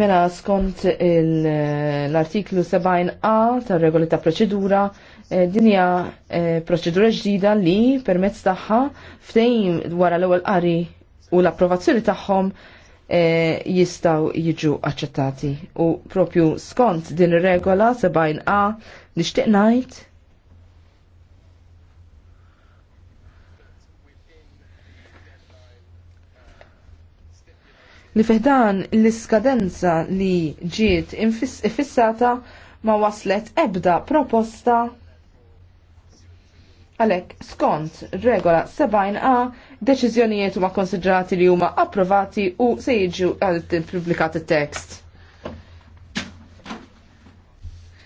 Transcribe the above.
Mela skont l-artiklu 70a tar regoli ta' proċedura, eh, dinja eh, proċedura ġdida li permezz tagħha ftejn wara l-ewwel qari u l-approvazzjoni tagħhom eh, jistaw jiġu aċċettati. U propju skont din ir-regola 70a nixtieq ngħid li fiħdan l-iskadenza li ġiet infissata ma waslet ebda proposta Għalek, skont regola 70a, deċiżjonijiet huma konsidrati li huma approvati u se jiġu għal-publikat it-tekst.